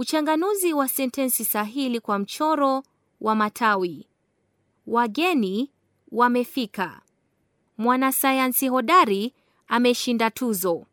Uchanganuzi wa sentensi sahili kwa mchoro wa matawi. Wageni wamefika. Mwanasayansi hodari ameshinda tuzo.